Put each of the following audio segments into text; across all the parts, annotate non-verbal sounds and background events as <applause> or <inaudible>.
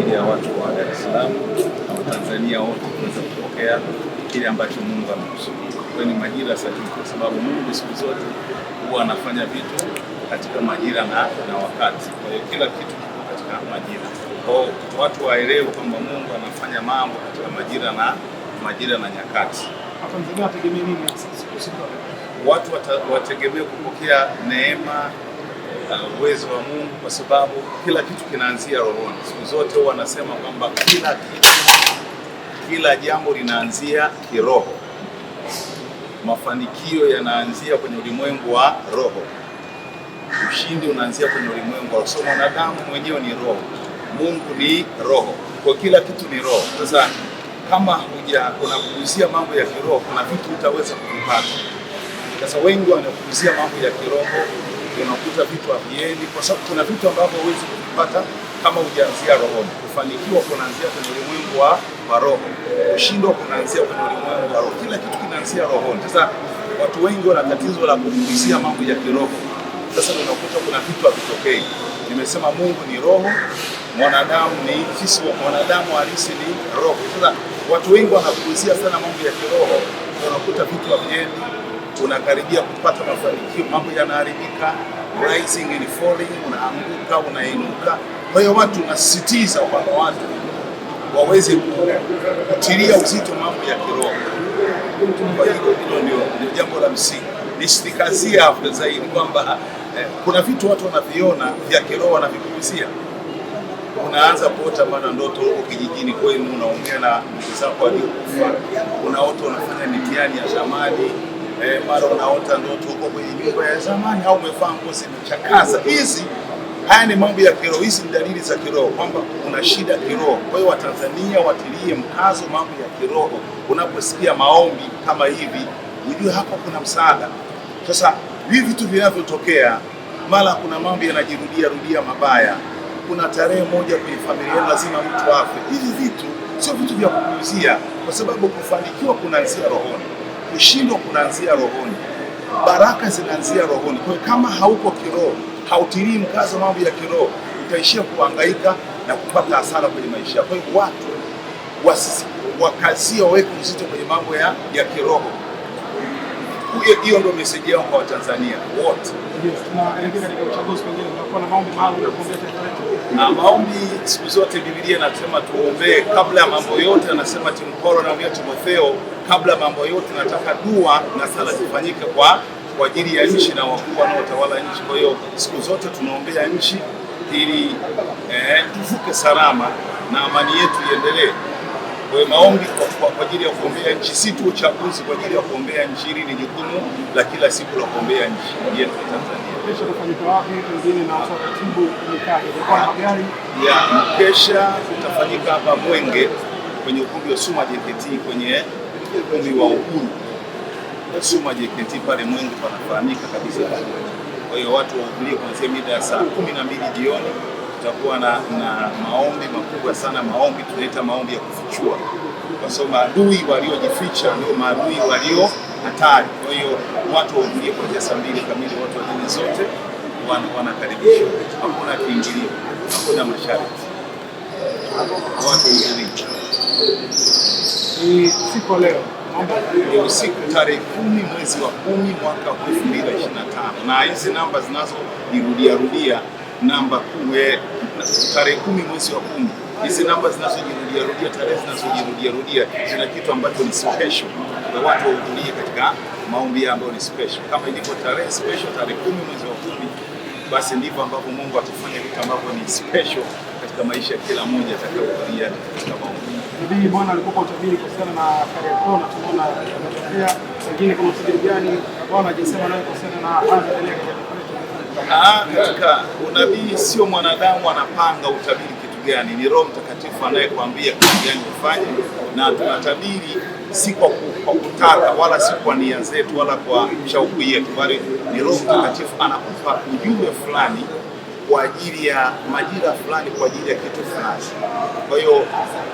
ajili ya watu wa Dar es Salaam na Watanzania wote kuweza kupokea kile ambacho Mungu amekusudia. Kwa ni majira sahihi, kwa sababu Mungu siku zote huwa anafanya vitu katika majira na, na wakati. Kwa hiyo kila kitu kiko katika majira. Kwa hiyo watu waelewe kwamba Mungu anafanya mambo katika majira na majira na nyakati. Watu wategemee kupokea neema uh, uwezo wa Mungu kwa sababu kila kitu kinaanzia rohoni. Siku zote huwa anasema kwamba kila kitu, kila jambo linaanzia kiroho. Mafanikio yanaanzia kwenye ulimwengu wa roho, ushindi unaanzia kwenye ulimwengu wa roho. So mwanadamu mwenyewe ni roho, Mungu ni roho, kwa kila kitu ni roho. Sasa kama huja unakuuzia mambo ya kiroho, kuna vitu utaweza kuvipata. Sasa wengi wanakuuzia mambo ya kiroho unakuta vitu haviendi, kwa sababu kuna vitu ambavyo huwezi kuvipata kama hujaanzia rohoni. Kufanikiwa kunaanzia kwenye ulimwengu wa roho, kushindwa kunaanzia kwenye ulimwengu wa roho. Kila kitu kinaanzia rohoni. Sasa watu wengi wana tatizo la kufundishia mambo ya kiroho. Sasa unakuta kuna vitu havitokei. Nimesema Mungu ni roho, mwanadamu ni sisi, mwanadamu halisi ni roho. Sasa watu wengi wanafundishia sana mambo ya kiroho, unakuta vitu haviendi unakaribia kupata mafanikio, mambo yanaharibika, rising and falling, unaanguka, unainuka. Kwa hiyo watu unasisitiza kwamba watu waweze kutilia uzito mambo ya kiroho. Kwa hiyo hilo ndio jambo la msingi, nisitikazie hapo zaidi kwamba eh, kuna vitu watu wanaviona vya kiroho wanavikuzia unaanza kuota bana ndoto huko kijijini kwenu, unaongea na ndugu zako waliokufa, unaota unafanya mitihani ya zamani eh, mara unaota ndoto huko kwenye nyumba ya zamani au umevaa nguo zimechakaza. Hizi haya ni mambo ya kiroho, hizi ni dalili za kiroho kwamba kuna shida kiroho. Kwa hiyo Watanzania watilie mkazo mambo ya kiroho. Unaposikia maombi kama hivi, ujue hapo kuna msaada. Sasa hivi vitu vinavyotokea, mara kuna mambo yanajirudia rudia mabaya, kuna tarehe moja kwenye familia lazima mtu afe. Hivi vitu sio vitu vya kupuuzia, kwa sababu kufanikiwa kuna rohoni kushindwa kunaanzia rohoni, baraka zinaanzia rohoni. Kwa hiyo kama hauko kiroho, hautilii mkazo mambo ya kiroho, utaishia kuhangaika na kupata hasara kwenye maisha. Kwa hiyo watu wakazie waweke uzito kwenye mambo ya, ya kiroho. Hiyo ndio message yao kwa Watanzania wote. Na maombi siku zote Biblia inasema tuombee kabla ya mambo yote, anasema Timkoro na Timotheo, kabla ya mambo yote nataka dua na sala zifanyike kwa kwa ajili ya nchi na wakuu wanaotawala nchi. Kwa hiyo siku zote tunaombea nchi ili eh, tuvuke salama na amani yetu iendelee. Kwa maombi kwa ajili ya kuombea nchi, si tu uchaguzi, kwa ajili ya kuombea nchi. Hili ni jukumu la kila siku la kuombea nchi yetu ya Tanzania. Mkesha utafanyika hapa Mwenge kwenye ukumbi wa Suma JKT, kwenye ukumbi wa Uhuru Suma JKT pale Mwenge panafahamika kabisa. Kwa hiyo watu waulie kuanzia mida ya saa kumi na mbili jioni tutakuwa na, na maombi makubwa sana, maombi tunaita maombi ya kufichua, kwa sababu maadui waliojificha ndio maadui walio hatari. Kwa hiyo watu wahudhurie kuanzia saa mbili kamili, watu wa dini zote wanakaribishwa, hakuna kiingilio, hakuna masharti, watu ni siku leo ni usiku tarehe kumi mwezi wa kumi mwaka elfu mbili na ishirini na tano na hizi namba zinazojirudiarudia namba kuwe eh, tarehe kumi mwezi wa kumi. Hizi namba zinazojirudia rudia, tarehe zinazojirudia rudia zina kitu ambacho ni special, na watu wahudhurie katika maombi ambayo ni special. Kama ilivyo tarehe special, tarehe kumi mwezi wa kumi, basi ndivyo ambavyo Mungu atafanya vitu ambavyo ni special katika maisha ya kila mmoja atakayohudhuria katika maombi. Nabii Bwana alikuwa utabiri kuhusiana na Kariakoo kona, tunaona yanatokea, wengine kuna utabiri gani Bwana hajasema naye kuhusiana na hali ya Ah, katika unabii sio mwanadamu anapanga utabiri kitu gani, ni Roho Mtakatifu anayekuambia kitu gani ufanye, na tunatabiri si kwa kutaka wala si kwa nia zetu wala kwa shauku yetu, bali ni Roho Mtakatifu anakupa ujumbe fulani kwa ajili ya majira fulani, kwa ajili ya kitu fulani. Kwa hiyo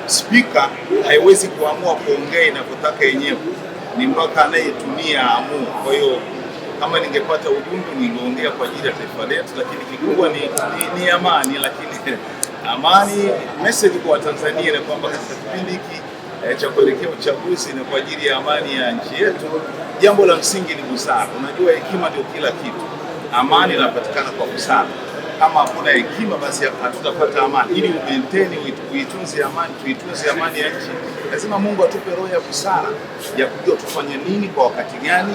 spika haiwezi kuamua kuongea inavyotaka yenyewe, ni mpaka anayetumia amua. Kwa hiyo kama ningepata ujumbe ningeongea kwa ajili ya taifa letu, lakini kikubwa ni, ni, ni amani. Lakini <laughs> amani, message kwa Watanzania ni kwamba katika kipindi hiki eh, cha kuelekea uchaguzi na kwa ajili ya amani ya nchi yetu, jambo la msingi ni busara. Unajua, hekima ndio kila kitu. Amani inapatikana kwa busara. Kama hakuna hekima, basi hatutapata amani. Ili maintain uitunze amani, tuitunze amani ya nchi, lazima Mungu atupe roho ya busara ya kujua tufanye nini kwa wakati gani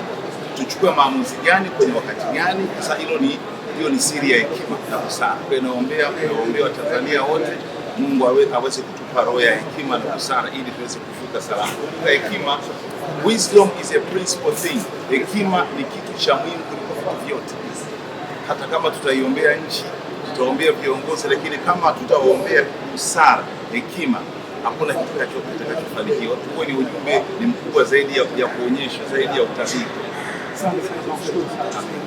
tuchukue maamuzi gani kwenye wakati gani. Sasa hilo ni hiyo ni siri ya hekima na busara. Kwa naombea naombea Watanzania wote Mungu aweze kutupa roho ya hekima na busara ili tuweze kufika salama. Kwa hekima, wisdom is a principal thing. Hekima ni kitu cha muhimu kuliko vitu vyote. Hata kama tutaiombea nchi, tutaombea viongozi, lakini kama tutaombea busara, hekima hakuna kitu kitakachofanikiwa. Huo ni ujumbe ni mkubwa zaidi ya kuonyesha zaidi ya utabiri. ça, ça